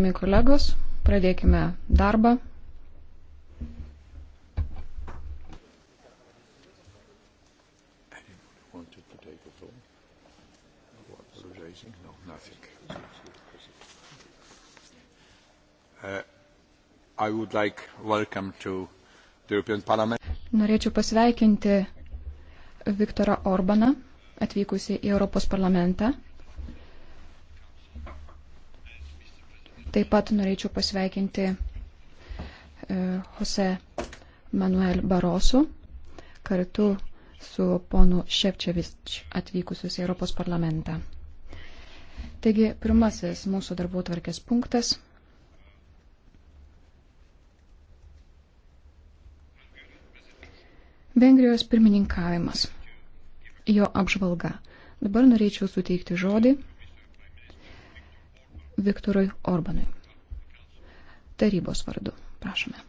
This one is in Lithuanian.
Gerbimi kolegos, pradėkime darbą. Uh, like Norėčiau pasveikinti Viktorą Orbaną atvykusi į Europos parlamentą. Taip pat norėčiau pasveikinti e, Jose Manuel Barosu kartu su ponu Šepčevič atvykusius į Europos parlamentą. Taigi, pirmasis mūsų darbų tvarkės punktas. Vengrijos pirmininkavimas. Jo apžvalga. Dabar norėčiau suteikti žodį Viktorui Orbanui. Tarybos vardu, prašome.